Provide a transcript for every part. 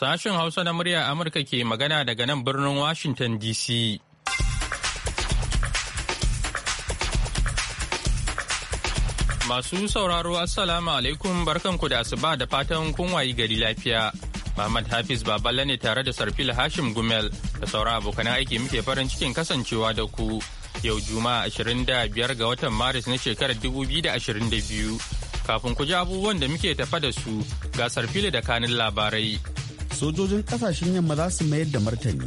Sashen Hausa na murya Amurka ke magana daga nan birnin Washington DC. Masu sauraro Assalamu alaikum barkanku da asuba da fatan kun wayi gari lafiya. Muhammad Hafiz Baballe ne tare da Sarfil Hashim Gumel da saura abokan aiki muke farin cikin kasancewa da ku. Yau Juma'a 25 ga watan Maris na shekarar 2022. Kafin ku ji abubuwan da muke tafa da su ga Sarfil da kanin labarai. sojojin kasashen yamma za su mayar da martani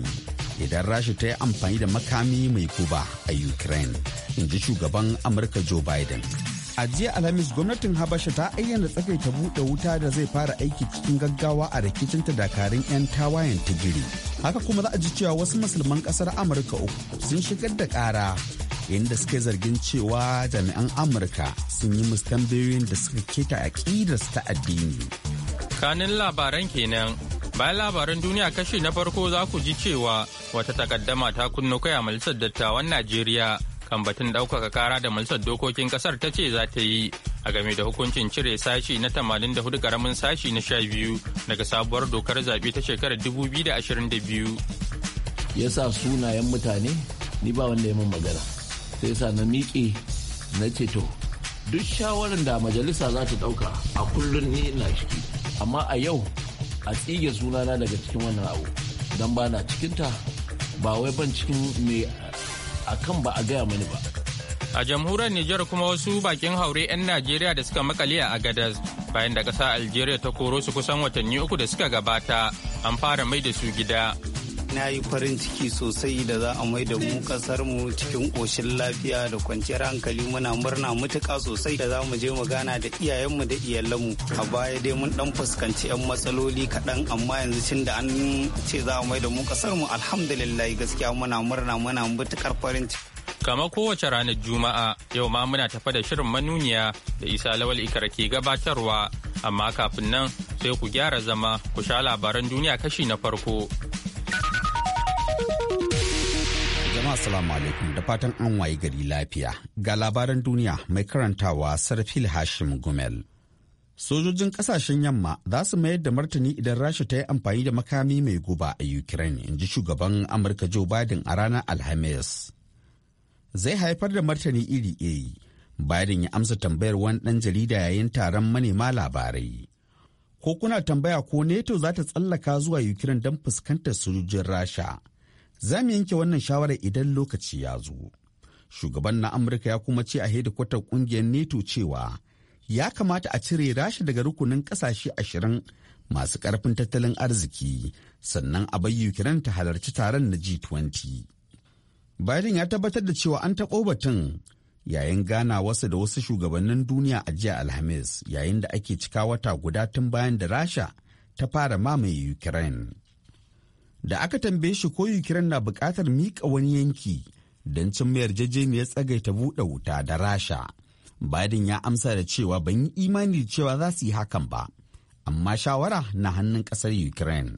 idan rasha ta yi amfani da makami mai kuba a ukraine in ji shugaban amurka joe biden a jiya alhamis gwamnatin habasha ta ayyana tsakai ta buɗe wuta da zai fara aiki cikin gaggawa a rikicinta dakarun 'yan tawayen tigiri haka kuma za a ji cewa wasu musulman kasar amurka uku sun shigar da ƙara inda suke zargin cewa jami'an amurka sun yi musu tambayoyin da suka keta aƙidar ta addini kanin labaran kenan Bayan labaran duniya kashi na farko za ku ji cewa wata takaddama ta kunno kai a Majalisar Dattawan Najeriya kan batun ɗaukaka kara da Majalisar Dokokin Ƙasar ta ce za ta yi a game da hukuncin cire sashi na 84 karamin sashi na 12 daga sabuwar dokar zaɓe ta shekarar 2022. Ya sa sunayen mutane ni ba wanda ya min magana sai sa na miƙe na ce to duk shawarar da majalisa za ta ɗauka a kullum ni na ciki amma a yau a tsige sunana daga cikin wannan abu don ba na cikinta ba wai ban cikin mai a kan ba a gaya mani ba a jamhuriyar Nijar kuma wasu bakin haure 'yan Najeriya da suka makale a Agadez bayan da ƙasa Algeria ta koro su kusan watanni uku da suka gabata an fara mai da su gida na yi farin ciki sosai da za a mai da mu kasar mu cikin ƙoshin lafiya da kwanciyar hankali muna murna mutuka sosai da za mu je mu gana da iyayenmu da iyalanmu a baya dai mun dan fuskanci 'yan matsaloli kaɗan amma yanzu tun da an ce za a mai da mu kasar mu alhamdulillah gaskiya muna murna muna mutukar farin ciki kama kowace ranar juma'a yau ma muna tafa da shirin manuniya da isa lawal ikar ke gabatarwa amma kafin nan sai ku gyara zama ku sha labaran duniya kashi na farko Assalamu alaikum da fatan an wayi gari lafiya ga labaran duniya mai karantawa sarfil hashim gumel sojojin kasashen yamma za su mayar da martani idan rasha ta yi amfani da makami mai guba a ukraine in ji shugaban amurka joe biden a ranar alhamis zai haifar da martani iri iri biden ya amsa tambayar wani dan jarida yayin taron manema labarai ko kuna tambaya ko neto za ta tsallaka zuwa ukraine don fuskantar sojojin rasha za mu yanke wannan shawarar idan lokaci ya zo shugaban na amurka ya kuma ce a hedikwatar kungiyar Nato cewa ya kamata a cire rashi daga rukunin kasashe ashirin masu karfin tattalin arziki sannan a bai ukraine ta halarci taron na g20 biden ya tabbatar da cewa an taɓo batun yayin gana wasu da wasu shugabannin duniya a jiya alhamis yayin da ake cika wata guda tun bayan da rasha ta fara mamaye ukraine da aka tambaye shi ko ukraine na buƙatar mika wani yanki don cin mayar yarjejeniyar tsagaita buɗe wuta da rasha biden ya amsa da cewa ban yi imani da cewa za su yi hakan ba amma shawara na hannun ƙasar ukraine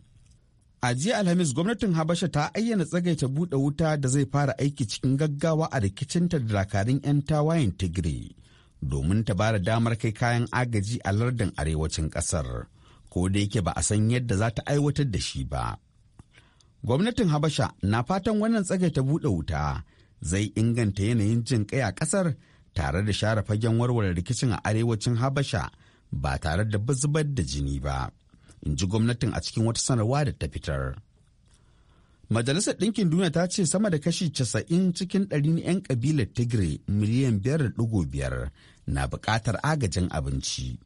a jiya alhamis gwamnatin habasha ta ayyana tsagaita buɗe wuta da zai fara aiki cikin gaggawa a rikicinta da dakarun 'yan tawayen tigray domin ta bada damar kai kayan agaji a lardin arewacin ƙasar ko da yake ba a san yadda za ta aiwatar da shi ba Gwamnatin Habasha na fatan wannan ta buɗe wuta zai inganta yanayin jin kai a ƙasar tare da share fagen warware rikicin a arewacin Habasha ba tare da buzubar da jini ba, in ji gwamnatin a cikin wata sanarwa da ta fitar. Majalisar Ɗinkin Duniya ta ce sama da kashi casa'in cikin ɗari na 'yan ƙabilar Tigray miliyan biyar da biyar na buƙatar agajin abinci.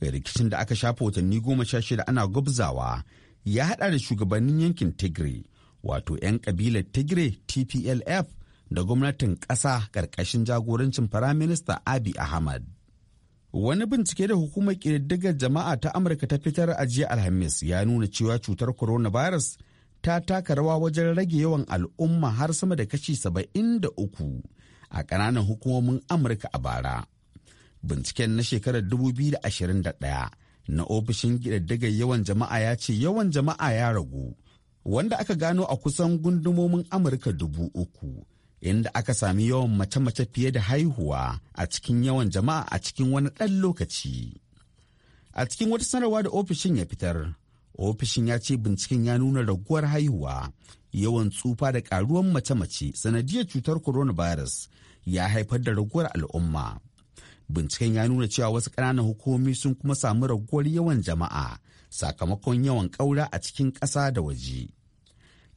Rikicin da aka shafa watanni goma sha shida ana gwabzawa ya hada da shugabannin yankin tigray wato 'yan kabilar tigray tplf da gwamnatin ƙasa ƙarƙashin jagorancin firaminista abi ahmad wani bincike da hukumar ƙididdigar jama'a ta amurka ta fitar a alhamis ya nuna cewa cutar coronavirus ta taka rawa wajen rage yawan al'umma har sama da kashi uku a ƙananan hukumomin amurka a bara binciken na shekarar 2021 na ofishin ƙididdigar yawan jama'a ya ce yawan jama'a ya ragu wanda aka gano a kusan gundumomin amurka dubu uku inda aka sami yawan mace-mace fiye da haihuwa a cikin yawan jama'a a cikin wani ɗan lokaci a cikin wata sanarwa da ofishin ya fitar ofishin ya ce binciken ya nuna raguwar haihuwa yawan tsufa da karuwan mace-mace sanadiyar cutar coronavirus ya haifar da raguwar al'umma binciken ya nuna cewa wasu ƙananan hukumomi sun kuma samu raguwar yawan jama'a sakamakon yawan ƙaura a cikin ƙasa da waje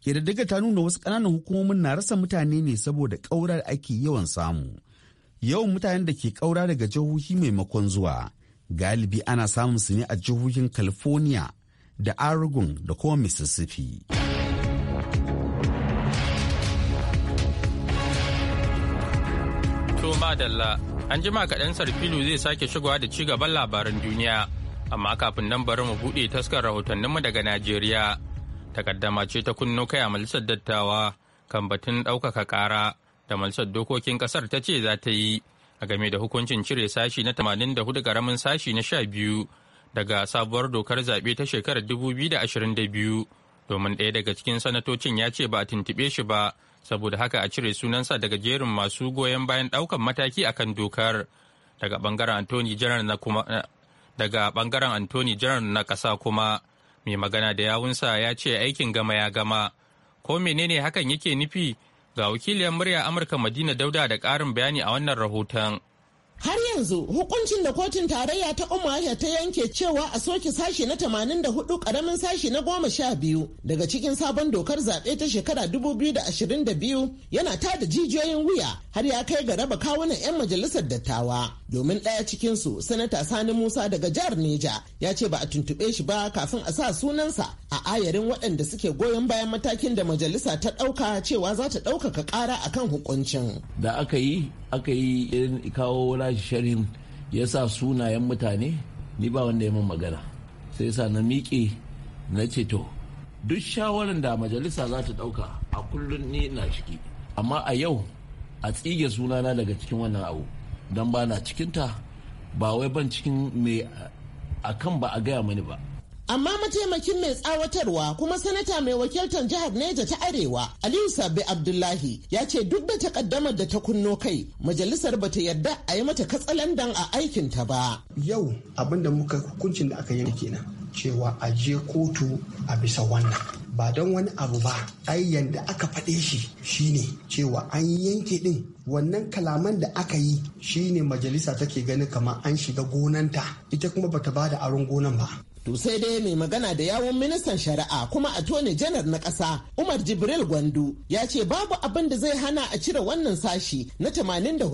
ƙididdiga ta nuna wasu ƙananan hukumomin na rasa mutane ne saboda ƙaura da ake yawan samu yawan mutanen da ke ƙaura daga jihohi maimakon zuwa galibi ana samun su ne a jihohin california da oregon da kuma mississippi Dalla, an jima kaɗan sarfilu zai sake shigowa da ci gaban labaran duniya amma kafin nan bari mu buɗe taskar rahotanninmu daga najeriya takaddama ce ta kunno kai a majalisar dattawa kan batun ɗaukaka ƙara da majalisar dokokin ƙasar ta ce za ta yi a game da hukuncin cire sashi na 84 ƙaramin sashi na 12 daga sabuwar dokar zaɓe ta shekarar biyu domin ɗaya daga cikin sanatocin ya ce ba a tuntuɓe shi ba saboda haka a cire sunansa daga jerin masu goyon bayan ɗaukan mataki akan dokar daga bangaren antoni janar na kuma eh, daga bangaren na ƙasa kuma mai magana da yawunsa ya ce aikin gama ya gama ko menene hakan yake nufi ga wakiliyar murya amurka madina dauda da karin bayani a wannan rahoton Har yanzu hukuncin da kotun tarayya ta Umaru ta yanke cewa a soke sashi na 84 karamin sashi na goma sha biyu daga cikin sabon dokar zaɓe ta shekara 2022 yana ta da jijiyoyin wuya har ya kai ga raba kawunan 'yan majalisar dattawa. Domin ɗaya cikinsu, Sanata Sani Musa daga jihar Neja ya ce ba a tuntuɓe shi ba kafin a sa sunansa a ayarin waɗanda suke goyon bayan matakin da majalisa ta ɗauka cewa za ta ɗaukaka ƙara akan hukuncin. Da aka yi aka yi kawo rashi sharhin ya sa sunayen mutane ni ba wanda ya min magana sai sa na miƙe na ceto. duk shawarar da majalisa za ta ɗauka a kullum ni na ciki amma a yau a tsige sunana daga cikin wannan abu don ba na cikinta ba wai ban cikin mai akan ba a gaya mani ba amma mataimakin mai tsawatarwa kuma sanata mai wakiltar jihar neja ta arewa aliyu sabi abdullahi ya ce duk da takaddamar da ta kunno kai majalisar ba ta yarda a yi mata katsalandan a aikin ta ba yau abin da muka hukuncin da aka yi kenan cewa a je kotu a bisa wannan ba don wani abu ba ai yanda aka faɗe shi shine cewa an yanke din wannan kalaman da aka yi shine majalisa take ganin kamar an shiga gonanta ita kuma bata bada aron gonan ba To sai dai mai magana da yawun ministan shari'a kuma a tone janar na ƙasa Umar Jibril Gwandu ya ce babu abin da zai hana a cire wannan sashi na 84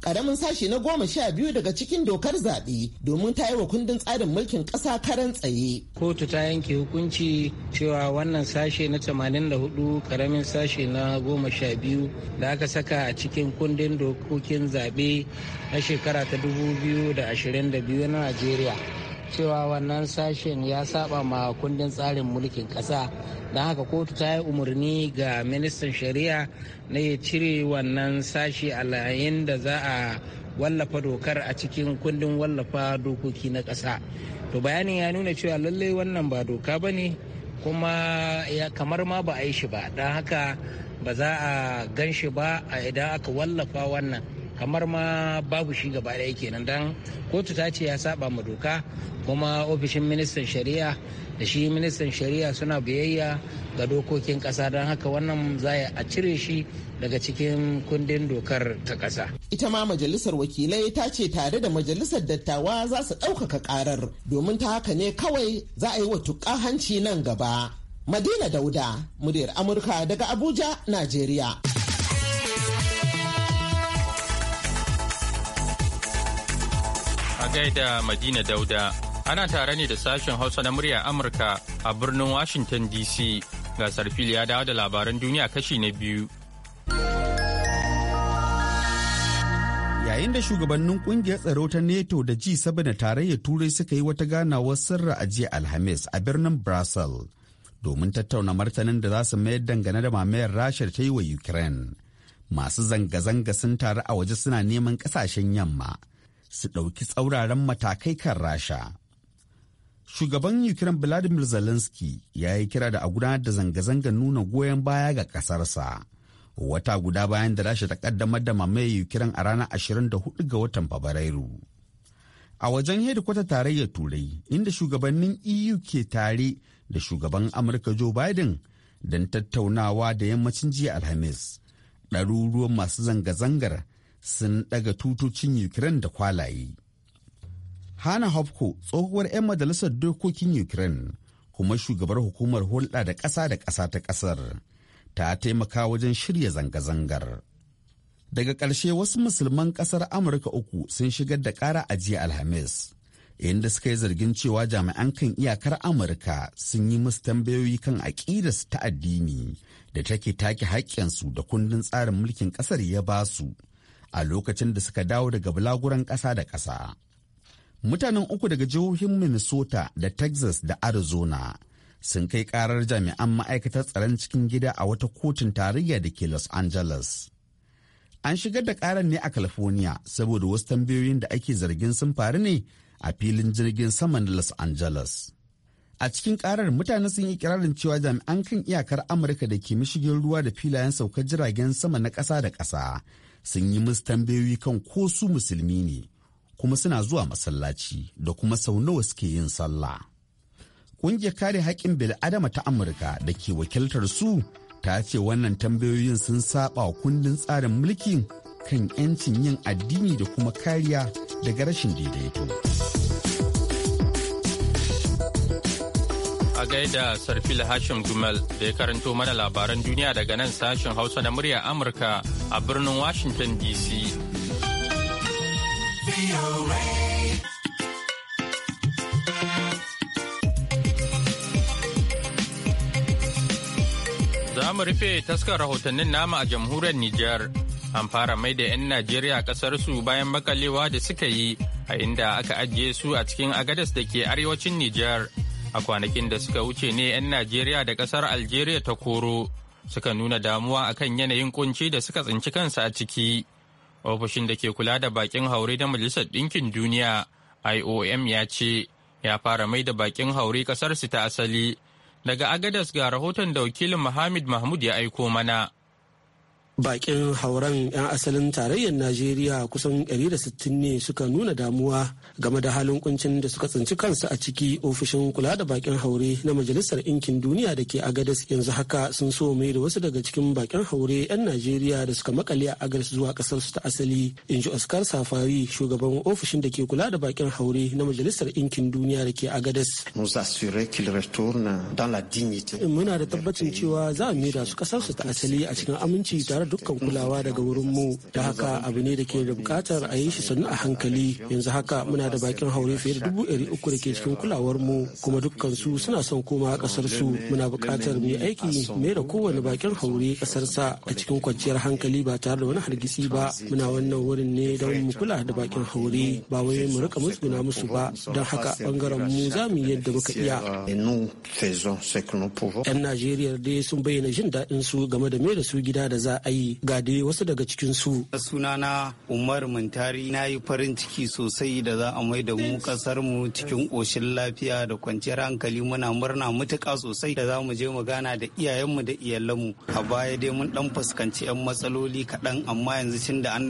karamin sashi na goma sha biyu daga cikin dokar zaɓe domin ta yi wa kundin tsarin mulkin ƙasa karan tsaye. Kotu ta yanke hukunci cewa wannan sashe na 84 ƙaramin sashe na goma sha biyu da aka saka a cikin kundin dokokin zaɓe na shekara ta 2022 na Najeriya. cewa wannan sashen ya saba ma kundin tsarin mulkin kasa don haka kotu ta yi umarni ga ministan shari'a na ya cire wannan sashe a layin da za a wallafa dokar a cikin kundin wallafa dokoki na kasa to bayanin ya nuna cewa lallai wannan ba doka ba ne kuma ya kamar ma ba a yi shi ba don haka ba za a gan shi ba idan aka wallafa wannan kamar ma babu shi gaba ɗaya kenan dan kotu ta ce ya saba ma doka kuma ofishin ministan shari'a da shi ministan shari'a suna biyayya ga dokokin ƙasa don haka wannan za a cire shi daga cikin kundin dokar ta ƙasa. Ita ma majalisar wakilai ta ce tare da majalisar dattawa za su ɗaukaka ƙarar domin ta haka ne kawai za a yi wa tuƙa hanci nan gaba. Madina Dauda, muryar Amurka daga Abuja, Najeriya. gaida Madina Dauda. Ana tare ne da sashen Hausa na murya Amurka a birnin Washington DC. Gasar fili ya dawo da labaran duniya kashi na biyu. Yayin da shugabannin kungiyar tsaro ta NATO da G7 na tarayyar Turai suka yi wata ganawar sirra a Alhamis a birnin brasil domin tattauna martanin da za su mayar dangane da mamayar Rasha ta yi wa Ukraine. Masu zanga-zanga sun taru a waje suna neman kasashen yamma su ɗauki tsauraran matakai kan rasha shugaban ukraine vladimir zelensky ya yi kira da a gudanar da zanga-zangar nuna goyon baya ga ƙasarsa wata guda bayan da rasha ta ƙaddamar da mamaye ukraine a ranar 24 ga watan fabrairu a wajen hedikwata tarayyar turai inda shugabannin eu ke tare da shugaban amurka joe biden don tattaunawa da yammacin jiya alhamis ɗaruruwan masu zanga-zangar sun daga tutocin ukraine da kwalaye hana hopko tsohuwar 'yan majalisar dokokin ukraine kuma shugabar hukumar hulɗa da ƙasa da ƙasa ta ƙasar ta taimaka wajen shirya zanga-zangar daga ƙarshe wasu musulman ƙasar amurka uku sun shigar da ƙara a jiya alhamis inda suka yi zargin cewa jami'an kan iyakar amurka sun yi musu tambayoyi kan aƙidarsu ta addini da take take haƙƙinsu da kundin tsarin mulkin ƙasar ya ba su a lokacin da suka dawo daga bulaguran ƙasa da ƙasa. Mutanen uku daga jihohin Minnesota da Texas da Arizona sun kai karar jami'an ma'aikatar tsaron cikin gida a wata kotun tarayya da ke Los Angeles. An shigar da karar ne a California saboda wasu tambayoyin da ake zargin sun faru ne a filin jirgin saman Los Angeles. A cikin karar mutane sun yi kirarin cewa jami'an kan iyakar Amurka da ke mashigin ruwa da filayen saukar jiragen sama na ƙasa da ƙasa sun yi musu tambayoyi kan ko su musulmi ne kuma suna zuwa masallaci da kuma sau nawa suke yin sallah. Ƙungiyar kare haƙƙin bil'adama ta Amurka da ke wakiltar su ta ce wannan tambayoyin sun saba wa kundin tsarin mulkin kan 'yancin yin addini da kuma kariya daga rashin daidaito. a gaida Sarfil Hashim Gumel da ya karanto mana labaran duniya daga nan sashen Hausa na murya Amurka a birnin Washington DC. Za mu rufe taskar rahotannin nama a jamhuriyar Nijar. An fara mai da 'yan Najeriya ƙasarsu bayan makalewa da suka yi a inda aka ajiye su a cikin agadas da ke arewacin Nijar. a kwanakin da suka wuce ne 'yan najeriya da ƙasar algeria ta koro suka nuna damuwa akan yanayin kunci da suka tsinci kansu a ciki ofishin da ke kula da bakin haure na majalisar ɗinkin duniya iom ya ce ya fara mai da bakin haure su ta asali daga agadas ga rahoton da wakilin muhammad mahmud ya aiko mana bakin hauren 'yan asalin tarayyar najeriya kusan 160 ne suka nuna damuwa game da halin kuncin da suka tsinci kansu a ciki ofishin kula da bakin haure na majalisar ɗinkin duniya da ke agadas yanzu haka sun so mai da wasu daga cikin bakin haure 'yan najeriya da suka makale a agadas zuwa kasar su ta asali in ji oscar safari shugaban ofishin da ke kula da bakin haure na majalisar ɗinkin duniya da ke agadas muna da tabbacin cewa za a da su kasar su ta asali a cikin aminci tare dukkan kulawa daga wurin mu da haka abu ne da ke da bukatar a yi shi sannu a hankali yanzu haka muna da bakin haure fiye da dubu ɗari uku da ke cikin kulawar mu kuma dukkan su suna son koma kasar su muna bukatar mu aiki mai da kowane bakin haure kasar sa a cikin kwanciyar hankali ba tare da wani hargitsi ba muna wannan wurin ne don mu kula da bakin haure ba wai mu rika musguna musu ba don haka bangaren mu za mu yadda muka iya. Yan Najeriya dai sun bayyana jin daɗin su game da me da su gida da za a yi yi ga dai wasu daga cikin su sunana umar mintari na yi farin ciki sosai da za a mai da mu kasar mu cikin koshin lafiya da kwanciyar hankali muna murna mutuka sosai da za mu je mu gana da iyayenmu da iyalanmu a baya dai mun dan fuskanci yan matsaloli kaɗan amma yanzu cin da an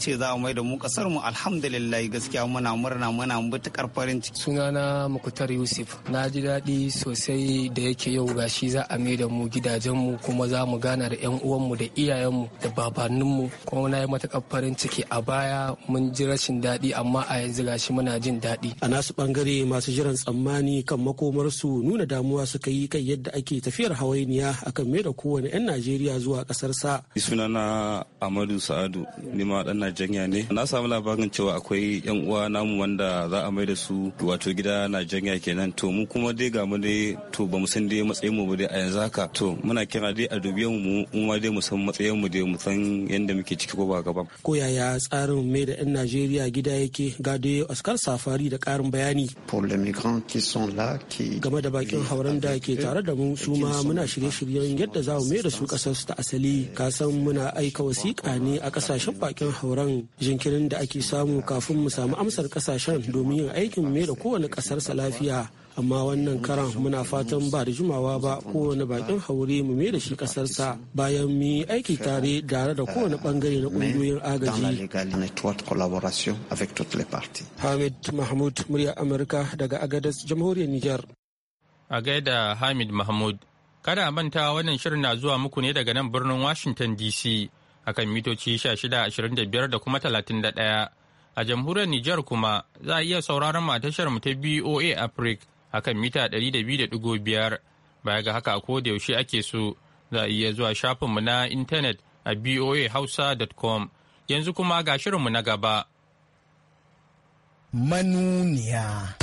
ce za a mai da mu kasar mu alhamdulillah gaskiya muna murna muna mutukar farin ciki sunana mukutar yusuf na ji daɗi sosai da yake yau gashi za a mai da mu gidajenmu kuma za mu gana da yan uwanmu da iyayen iyayenmu da babanninmu kuma na yi matuƙar farin ciki a baya mun ji rashin daɗi amma a yanzu gashi muna jin daɗi. A nasu ɓangare masu jiran tsammani kan makomarsu nuna damuwa suka yi kan yadda ake tafiyar hawainiya akan mai da kowane 'yan Najeriya zuwa ƙasarsa. Sunana Amadu Sa'adu ni ma ɗan Najeriya ne. Na samu labarin cewa akwai 'yan uwa namu wanda za a mai da su wato gida Najeriya kenan to mu kuma dai ga mu dai to ba san dai matsayin mu ba dai a yanzu haka to muna kira dai a dubiyan mu mu ma dai mu san matsayin ɗayan mu dai mu san yadda muke ciki ko ba gaba. Ko yaya tsarin mai da 'yan Najeriya gida yake gado askar Safari da karin bayani. Game da bakin hauren da ke tare da mu su ma muna shirye-shiryen yadda za mu mai da su ƙasarsu ta asali. Ka san muna aika wasiƙa ne a ƙasashen bakin hauren jinkirin da ake samu kafin mu samu amsar ƙasashen domin yin aikin mai da kowane ƙasarsa lafiya. amma wannan karan muna fatan ba da jimawa ba kowane bakin haure mu mai da shi kasarsa bayan mu yi aiki tare tare da kowane bangare na ƙungiyoyin agaji hamid mahmud murya amurka daga agadas jamhuriyar niger a gaida hamid mahmud kada manta wannan shirin na zuwa muku ne daga nan birnin washington dc akan mitoci 1625 da kuma 31 a jamhuriyar nijar kuma za a iya sauraron mu a tashar mu ta boa africa akan mita 200.5 baya ga haka a yaushe ake so za a iya zuwa shafinmu na intanet a boahausa.com yanzu kuma ga shirinmu na gaba. Manuniya.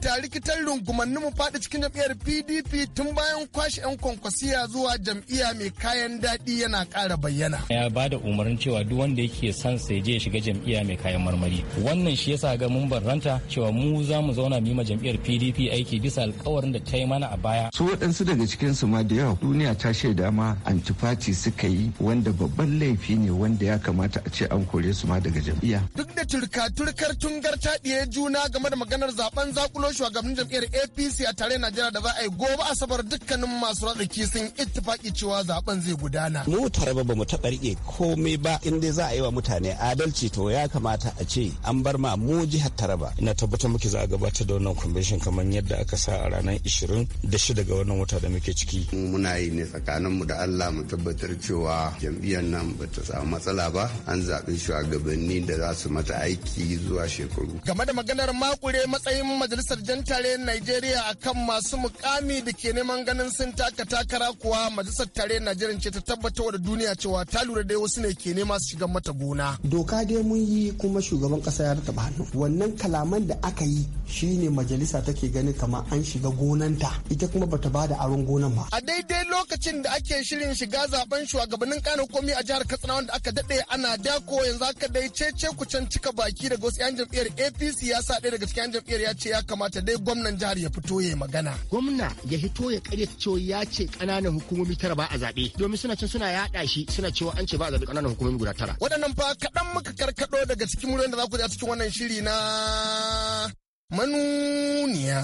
rikita-rikitar rungumannin mu faɗi cikin jam'iyyar PDP tun bayan kwashe 'yan kwankwasiya zuwa jam'iyya mai kayan daɗi yana ƙara bayyana. Ya ba da umarnin cewa duk wanda yake son sai je shiga jam'iyya mai kayan marmari. Wannan shi yasa ga mun barranta cewa mu za mu zauna mu ma jam'iyyar PDP aiki bisa alƙawarin da ta yi mana a baya. Su waɗansu daga cikin su ma da yawa duniya ta shaida ma antifati suka yi wanda babban laifi ne wanda ya kamata a ce an kore su ma daga jam'iyya. Duk da turka turkar tungar ta juna game da maganar zaben zakulo taron shugaban jam'iyyar apc a tare najeriya da za a yi gobe asabar dukkanin masu ratsaki sun ittifaki cewa zaben zai gudana mu tare ba mu taɓa rike komai ba in dai za a yi wa mutane adalci to ya kamata a ce an bar ma mu jihar taraba ina tabbatar muke za a gabatar da wannan convention kamar yadda aka sa a ranar shida ga wannan wata da muke ciki muna yi ne tsakaninmu da allah mu tabbatar cewa jam'iyyar nan ba ta samu matsala ba an zaɓi shugabanni da za su mata aiki zuwa shekaru game da maganar makure matsayin majalisar wajen tare Najeriya kan masu mukami da ke neman ganin sun taka takara kuwa majalisar tare Najeriya ce ta tabbatar da duniya cewa ta lura dai wasu ne ke nema su shiga mata gona. Doka dai mun yi kuma shugaban kasa ya taba hannu. Wannan kalaman da aka yi shine majalisa take ganin kamar an shiga gonanta ita kuma bata bada aron gonan ba. A daidai lokacin da ake shirin shiga zaben shugabannin kano komi a jihar Katsina wanda aka dade ana dako yanzu aka dai cece can cika baki daga wasu 'yan jam'iyyar APC ya sa daga cikin 'yan jam'iyyar ya ce ya kamata kamata dai gwamnan jihar ya fito ya magana. Gwamna ya hito ya karya cewa ya ce ƙananan hukumomi tara ba a zaɓe domin suna cin suna yaɗa shi suna cewa an ce ba a zaɓe ƙananan hukumomi guda tara. Waɗannan fa kaɗan muka karkaɗo daga cikin muryoyin da za ku ji a cikin wannan shiri na manuniya.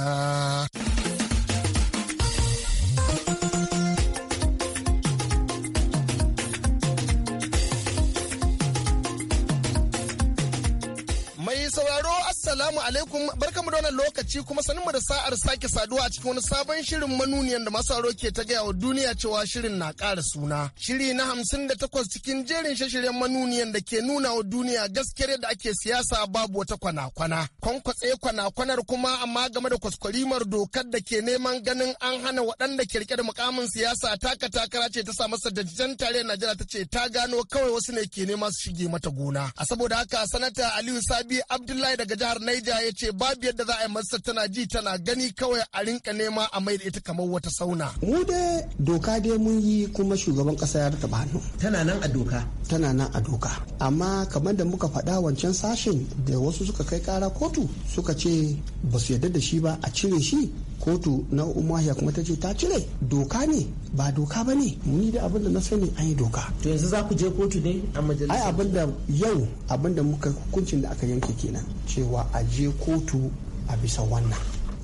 Assalamu alaikum barkamu da wannan lokaci kuma sanin da sa'ar sake saduwa a cikin wani sabon shirin manuniyan da masu aro ke ta gaya wa duniya cewa shirin na ƙara suna. Shiri na hamsin da takwas cikin jerin shashiryan manuniyan da ke nuna wa duniya gaskiyar da ake siyasa babu wata kwana-kwana. Kwankwatse kwana-kwanar kuma amma game da kwaskwarimar dokar da ke neman ganin an hana waɗanda da mukamin siyasa taka takara ce ta sa masa da jan tare Najeriya ta ce ta gano kawai wasu ne ke nema su shige mata gona. A saboda haka sanata Aliyu Sabi Abdullahi daga jihar Niger Naija ya ce babu yadda za a yi masa tana ji tana gani kawai a rinka nema a mai da ita kamar wata sauna. Mu da doka dai mun yi kuma shugaban kasa ya ba hannu. Tana nan a doka. Tana nan a doka. Amma kamar da muka faɗa wancan sashen da wasu suka kai kara kotu suka ce ba su yarda da shi ba a cire shi kotu na umahiya kuma ta ce ta cire doka ne ba doka ba ne ni da abin na sani an yi doka to yanzu za ku je kotu ne a majalisar ai abin yau abin muka hukuncin da aka yanke kenan cewa a je kotu a bisa wannan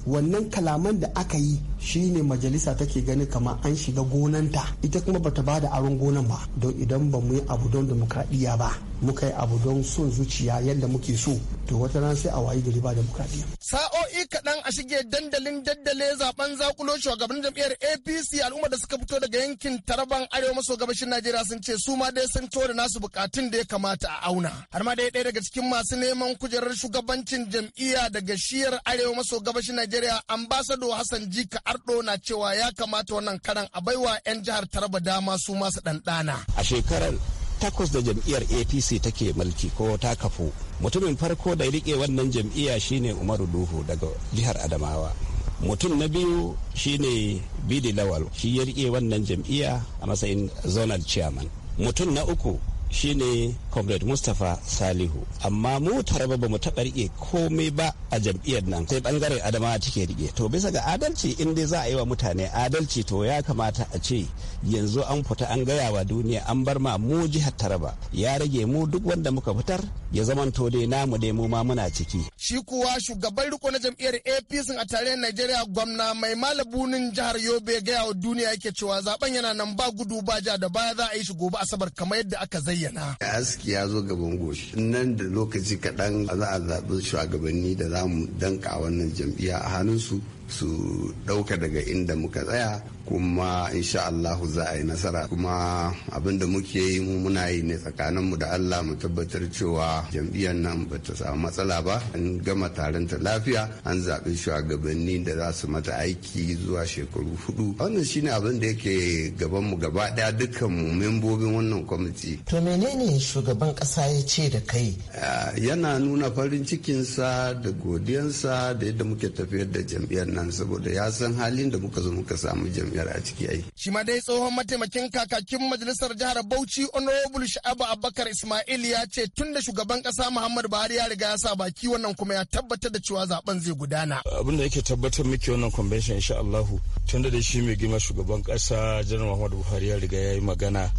wannan kalaman da aka yi shi ne majalisa take gani kama an shiga gonanta ita kuma bata bada aron gonan ba don idan ba mu yi abu don demokradiyya ba muka yi abu don son zuciya yadda muke so to wata rana sai a wayi gari ba demokradiyya kaɗan a shige dandalin daddale zaben zakulo shugaban jam'iyyar apc al'ummar da suka fito daga yankin taraban arewa maso gabashin najeriya sun ce su ma dai sun da nasu bukatun da ya kamata a auna har ma dai ɗaya daga cikin masu neman kujerar shugabancin jam'iyya daga shiyar arewa maso gabashin najeriya ambasado hassan jika ardo na cewa ya kamata wannan karan a baiwa 'yan jihar taraba dama su masu ɗanɗana a shekarar takwas da jam'iyyar apc take mulki ko ta kafu mutumin farko da rike wannan jam'iyya shine umaru duhu daga jihar adamawa mutum na biyu shine bidi lawal shi ya rike wannan jam'iyya a matsayin zonal chairman mutum na uku shine comrade mustapha salihu amma mu taraba ba mu taɓa rike komai ba a jam'iyyar nan sai bangaren adamawa take riƙe. to bisa ga adalci in dai za a yi wa mutane adalci to ya kamata a ce yanzu an fita an gaya wa duniya an bar ma mu jihar taraba ya rage mu duk wanda muka fitar ya zamanto dai namu dai mu ma muna ciki. Shi kuwa shugaban riko na jam'iyyar APC a tarayyar Najeriya gwamna mai malabunin jihar Yobe gaya wa duniya yake cewa zaben yana nan ba gudu ba ja da baya za a yi shi gobe Asabar kamar yadda aka zayyana. Aski ya zo gaban goshi nan da lokaci kaɗan za a zaɓi shugabanni da za mu danka wannan jam'iyya a hannun su su ɗauka daga inda muka tsaya kuma insha Allahu za a yi nasara kuma abinda muke yi mu muna yi ne tsakaninmu da Allah mu tabbatar cewa jam'iyyar nan ba ta samu matsala ba an gama taron ta lafiya an zaɓi shugabanni da za su mata aiki zuwa shekaru hudu wannan shine abin da yake gaban mu gaba daya dukkan mu membobin wannan kwamiti to menene shugaban ƙasa ya ce da kai yana nuna farin cikinsa da godiyansa da yadda muke tafiyar da jam'iyyar nan saboda ya san halin da muka zo muka samu jam'iyyar a ciki ai. Shi ma dai tsohon mataimakin kakakin majalisar jihar Bauchi Honorable Sha'abu Abubakar Ismail ya ce tun da shugaban kasa Muhammadu Buhari ya riga ya sa baki wannan kuma ya tabbatar da cewa zaben zai gudana. Abin da yake tabbatar miki wannan convention insha Allahu tun da shi mai girma shugaban kasa Janar Muhammadu Buhari ya riga ya yi magana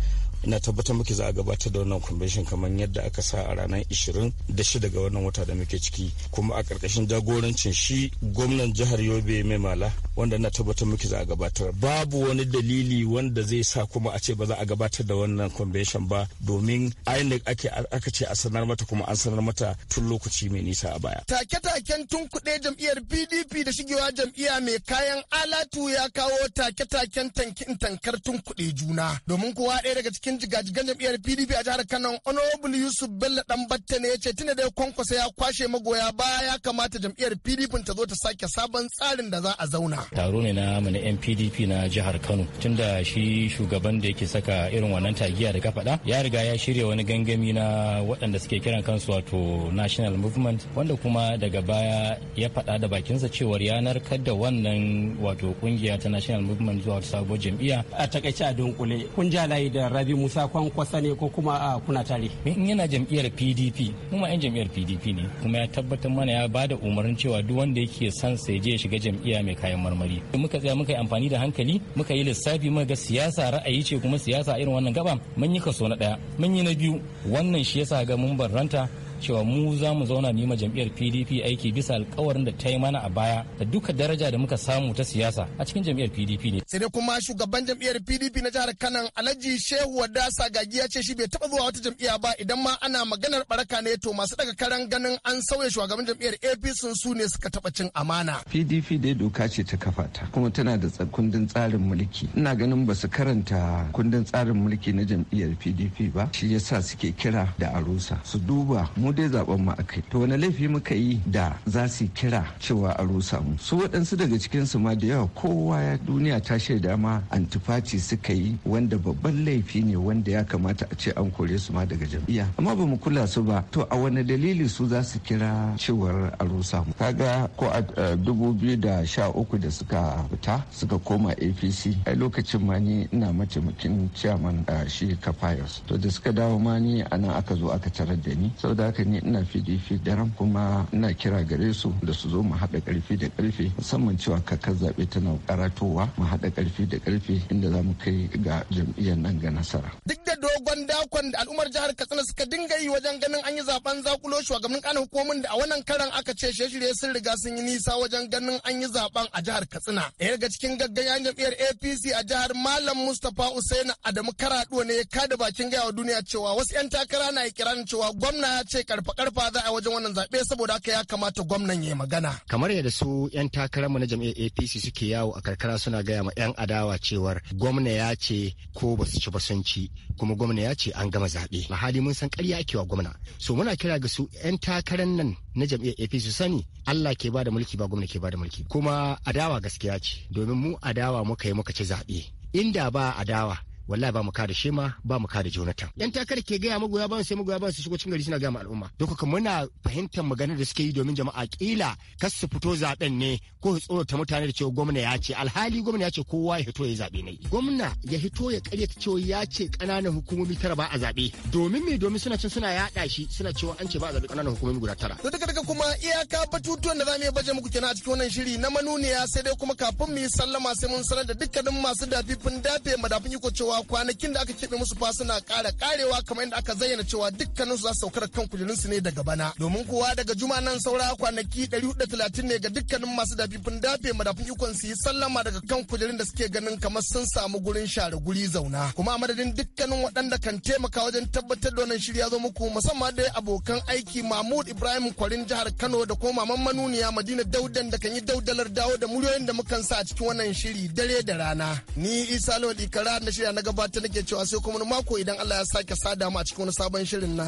ina tabbatar muke za a gabatar da wannan convention kamar yadda aka sa a ranar da 26 ga wannan wata da muke ciki kuma a ƙarƙashin jagorancin shi gwamnan jihar yobe mai mala wanda ina tabbatar muke za a gabatar babu wani dalili wanda zai sa kuma a ce ba za a gabatar da wannan convention ba domin inec ake aka ce a sanar mata kuma an sanar mata tun lokaci mai nisa a baya take-taken tun kuɗe jam'iyyar pdp da shigewa jam'iyya mai kayan alatu ya kawo take-taken tankin tankar tun kuɗe juna domin kowa ɗaya daga cikin cikin jigajigan jam'iyyar PDP a jihar Kano Honorable Yusuf Bello dan Batta ne ya ce tunda dai kwankwasa ya kwashe magoya baya ya kamata jam'iyyar PDP ta zo ta sake sabon tsarin da za a zauna. Taro ne na mu na NPDP na jihar Kano tunda shi shugaban da yake saka irin wannan tagiya da kafada ya riga ya shirya wani gangami na waɗanda suke kiran kansu wato National Movement wanda kuma daga baya ya faɗa da bakinsa cewar yanar da wannan wato kungiya ta National Movement zuwa sabuwar jam'iyya. A takaice a dunkule kun ja layi da Rabi musa kwankwasa ne ko kuma a kuna tare in yana jam'iyyar pdp kuma yan jam'iyyar pdp ne kuma ya tabbatar mana ya ba da umarnin cewa duk wanda yake son sai je shiga jam'iyya mai kayan marmari muka tsaya muka yi amfani da hankali muka yi lissafi muka ga siyasa ra'ayi ce kuma siyasa irin wannan gaba mun yi kaso na ɗaya mun yi na biyu wannan shi yasa ga mun ranta. cewa mu za mu zauna mu ma jam'iyyar pdp aiki bisa alkawarin da ta yi mana a baya da duka daraja da muka samu ta siyasa a cikin jam'iyyar pdp ne sai dai kuma shugaban jam'iyyar pdp na jihar kano alhaji shehu wadasa gagi ya ce shi bai taba zuwa wata jam'iyya ba idan ma ana maganar baraka ne to masu daga karan ganin an sauya shugaban jam'iyyar apc su ne suka taba cin amana pdp dai doka ce ta kafa ta kuma tana da kundin tsarin mulki ina ganin ba su karanta kundin tsarin mulki na jam'iyyar pdp ba shi yasa suke kira da arusa su duba mu dai zaben mu akai to wani laifi muka yi da za su kira cewa a rusa mu su waɗansu daga cikin su ma da yawa kowa ya duniya ta shaida ma antifati suka yi wanda babban laifi ne wanda ya kamata a ce an kore su ma daga jam'iyya amma ba mu kula su ba to a wani dalili su za su kira cewa a rusa mu kaga ko a dubu biyu da sha uku da suka fita suka koma apc a lokacin ma ni ina mataimakin ciyaman shi kafayos to da suka dawo ma ni a nan aka zo aka tarar da ni saboda haka haka ina pdp daren kuma ina kira gare su da su zo mu haɗa ƙarfi da ƙarfe musamman cewa kakar zaɓe tana karatowa mu haɗa ƙarfi da ƙarfe inda za mu kai ga jam'iyyar nan ga nasara. Duk da dogon dakon da al'ummar jihar Katsina suka dinga yi wajen ganin an yi zaben zakulo shugaban ƙanan hukumomin da a wannan karan aka ce shirye-shirye sun riga sun yi nisa wajen ganin an yi zaben a jihar Katsina. Ɗaya daga cikin gaggayan jam'iyyar APC a jihar Malam Mustapha usaini Adamu Karaɗo ne ya kada bakin gaya wa duniya cewa wasu 'yan takara na ikirarin cewa gwamna ya ce karfa-karfa za a wajen wannan zaɓe saboda haka ya kamata gwamnan ya magana. Kamar yadda su 'yan mu na jam'iyyar APC suke yawo a karkara suna gaya ma 'yan adawa cewar gwamna ya ce ko ba su ci ba sun ci kuma gwamna ya ce an gama zaɓe. hali mun san ƙarya ake wa gwamna. So muna kira ga su 'yan takarar nan na jam'iyyar APC su sani Allah ke bada mulki ba gwamna ke bada mulki. Kuma adawa gaskiya ce domin mu adawa muka yi muka ci zaɓe. Inda ba adawa wallahi ba mu kada shema ba mu kada jonathan yan takar ke gaya magoya ban sai magoya ba su shigo cikin gari suna gaya al'umma. al'umma kuma muna fahimtar maganar da suke yi domin jama'a kila kas su fito zaben ne ko su tsorata mutane da cewa gwamna ya ce alhali gwamna ya ce kowa ya fito ya zabe ne gwamna ya fito ya ta cewa ya ce kananan hukumomi tara ba a zabe domin me domin suna cin suna yada shi suna cewa an ce ba a zabe kananan hukumomi guda tara to daga daga kuma iyaka batutuwan da zamu baje muku kenan a cikin wannan shiri na manuniya sai dai kuma kafin mu yi sallama sai mun sanar da dukkanin masu dafifin dafe madafin iko cewa cewa kwanakin da aka keɓe musu fa suna ƙara ƙarewa kamar yadda aka zayyana cewa dukkanin su za su da kan kujerunsu ne daga bana domin kuwa daga juma nan saura kwanaki talatin ne ga dukkanin masu dafifin dafe madafin ikon su yi sallama daga kan kujerun da suke ganin kamar sun samu gurin share guri zauna kuma a madadin dukkanin waɗanda kan taimaka wajen tabbatar da wannan shirya zo muku musamman dai abokan aiki mahmud ibrahim kwarin jihar kano da kuma maman manuniya madina daudan da kan yi daudalar dawo da muryoyin da mukan sa a cikin wannan shiri dare da rana ni isa lodi kara na shirya na gabata nake cewa sai kuma mako idan Allah ya sake sada mu a cikin wani sabon shirin na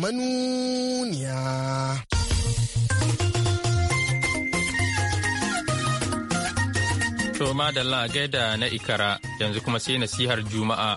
manuniya. To madalla gaida na ikara yanzu kuma sai nasihar juma'a.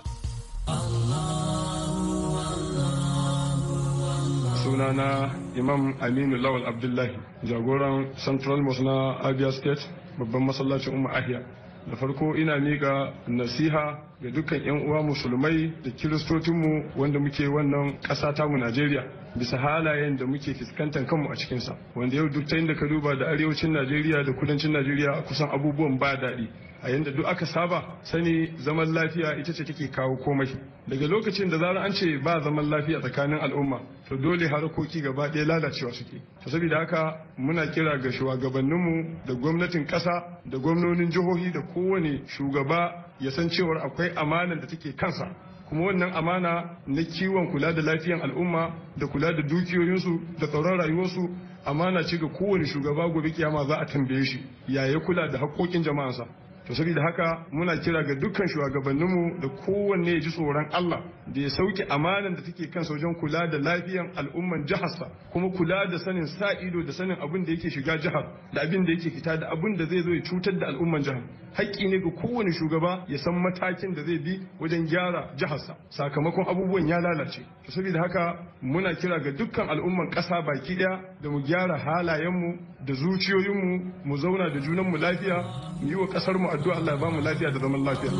Sunana Imam Aminu Lawal Abdullahi, jagoran Central Mosque na Abia State, babban masallacin Umar Ahiya. da farko ina miƙa nasiha ga dukkan 'yan uwa musulmai da kiristocinmu wanda muke wannan ƙasa tamu najeriya bisa halayen da muke fuskantar kanmu a cikinsa wanda yau duk ta inda ka duba da arewacin najeriya da kudancin najeriya kusan abubuwan ba daɗi a yadda duk aka saba sani zaman lafiya ita ce take kawo komai daga lokacin da zarar an ce ba zaman lafiya tsakanin al'umma to dole harkoki gaba ɗaya lalacewa suke to saboda haka muna kira ga shugabanninmu da gwamnatin ƙasa da gwamnonin jihohi da kowane shugaba ya san cewar akwai amanan da take kansa kuma wannan amana na kiwon kula da lafiyan al'umma da kula da dukiyoyinsu da tsaron rayuwarsu amana ce ga kowane shugaba gobe kiyama za a tambaye shi yaya kula da haƙoƙin jama'ansa to saboda haka muna kira ga dukkan shugabanninmu da kowanne ya ji tsoron Allah da ya sauke amanan da take kan wajen kula da lafiyan al'umman jiharsa kuma kula da sanin sa ido da sanin abin da yake shiga jihar da abin da yake fita da abin da zai zo ya cutar da al'umman jihar haƙƙi ne ga kowane shugaba ya san matakin da zai bi wajen gyara jiharsa sakamakon abubuwan ya lalace to saboda haka muna kira ga dukkan al'umman ƙasa baki ɗaya da mu gyara halayenmu da zuciyoyinmu mu zauna da junanmu lafiya mu yi wa ƙasarmu addu'a Allah ya ba lafiya da zaman lafiya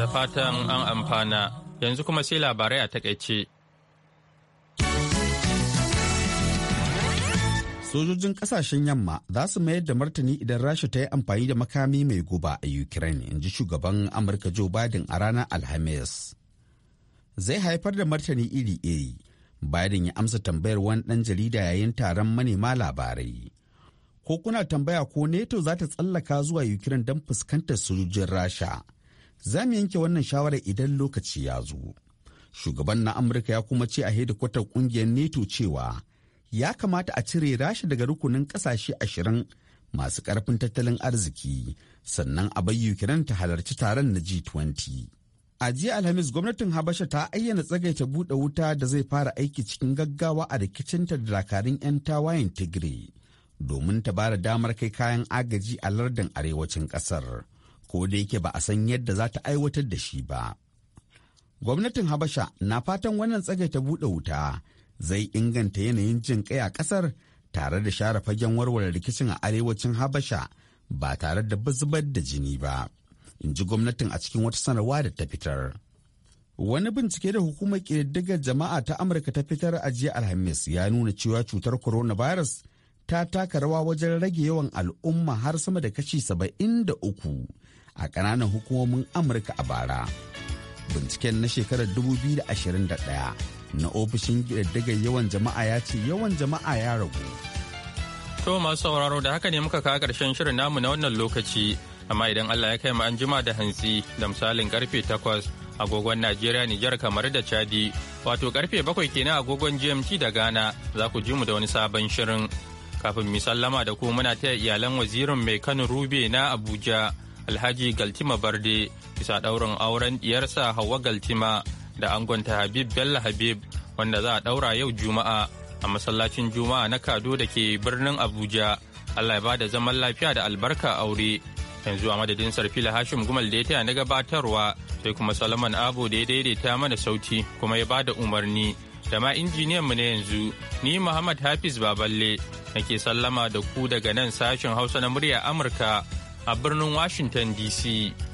da fatan an amfana yanzu kuma sai labarai a takaice sojojin kasashen yamma za su mayar da martani idan rasha ta yi amfani da makami mai guba a ukraine in ji shugaban amurka joe biden a ranar alhamis zai haifar da martani iri-iri biden ya amsa tambayar wani ɗan jarida yayin taron manema labarai ko kuna tambaya ko neto za ta tsallaka zuwa ukraine don fuskantar sojojin rasha za mu yanke wannan shawarar idan lokaci ya zo shugaban na amurka ya kuma ce a hedikwatar kungiyar neto cewa ya kamata a cire rasha daga rukunin kasashe ashirin masu karfin tattalin arziki sannan a bai ukraine ta halarci taron na g20 a jiya alhamis gwamnatin habasha ta ayyana tsagaita buɗe wuta da zai fara aiki cikin gaggawa a rikicinta da dakarun 'yan tawayen tigray domin ta bada damar kai kayan agaji a lardin arewacin kasar ko da yake ba a san yadda za ta aiwatar da shi ba gwamnatin habasha na fatan wannan ta buɗe wuta zai inganta yanayin jin kai a kasar tare da share fagen warware rikicin a arewacin habasha ba tare da zubar da jini ba in ji gwamnatin a cikin wata sanarwa da ta fitar wani bincike da hukumar ƙididdigar jama'a ta amurka ta fitar a jiya alhamis ya nuna cewa cutar coronavirus ta taka rawa wajen rage yawan al'umma har sama da kashi saba'in 73 a ƙananan hukumomin amurka a bara binciken na shekarar 2021 na ofishin ƙididdigar yawan jama'a ya ce yawan jama'a ya ragu to masu sauraro da haka ne muka kawo ƙarshen shirin namu na wannan lokaci amma idan allah ya kai mu an jima da hantsi da misalin karfe 8 agogon Najeriya Nijar kamar da Chadi wato karfe bakwai kenan agogon GMT da Ghana za ku ji mu da wani sabon shirin Kafin mu sallama da ku muna taya iyalan wazirin mai Kano Rube na Abuja Alhaji Galtima Barde bisa ɗaurin auren diyarsa Hauwa Galtima da angonta Habib Bello Habib wanda za a ɗaura yau Juma'a a masallacin Juma'a na Kado da ke birnin Abuja. Allah ya bada zaman lafiya da albarka aure. Yanzu a madadin Sarfila Hashim Gumal da ya taya na gabatarwa sai kuma Salman Abu da ya daidaita mana sauti kuma ya bada umarni. da ma injiniyan mu na yanzu ni Muhammad Hafiz Baballe nake sallama da ku daga nan sashen Hausa na murya Amurka a birnin Washington DC.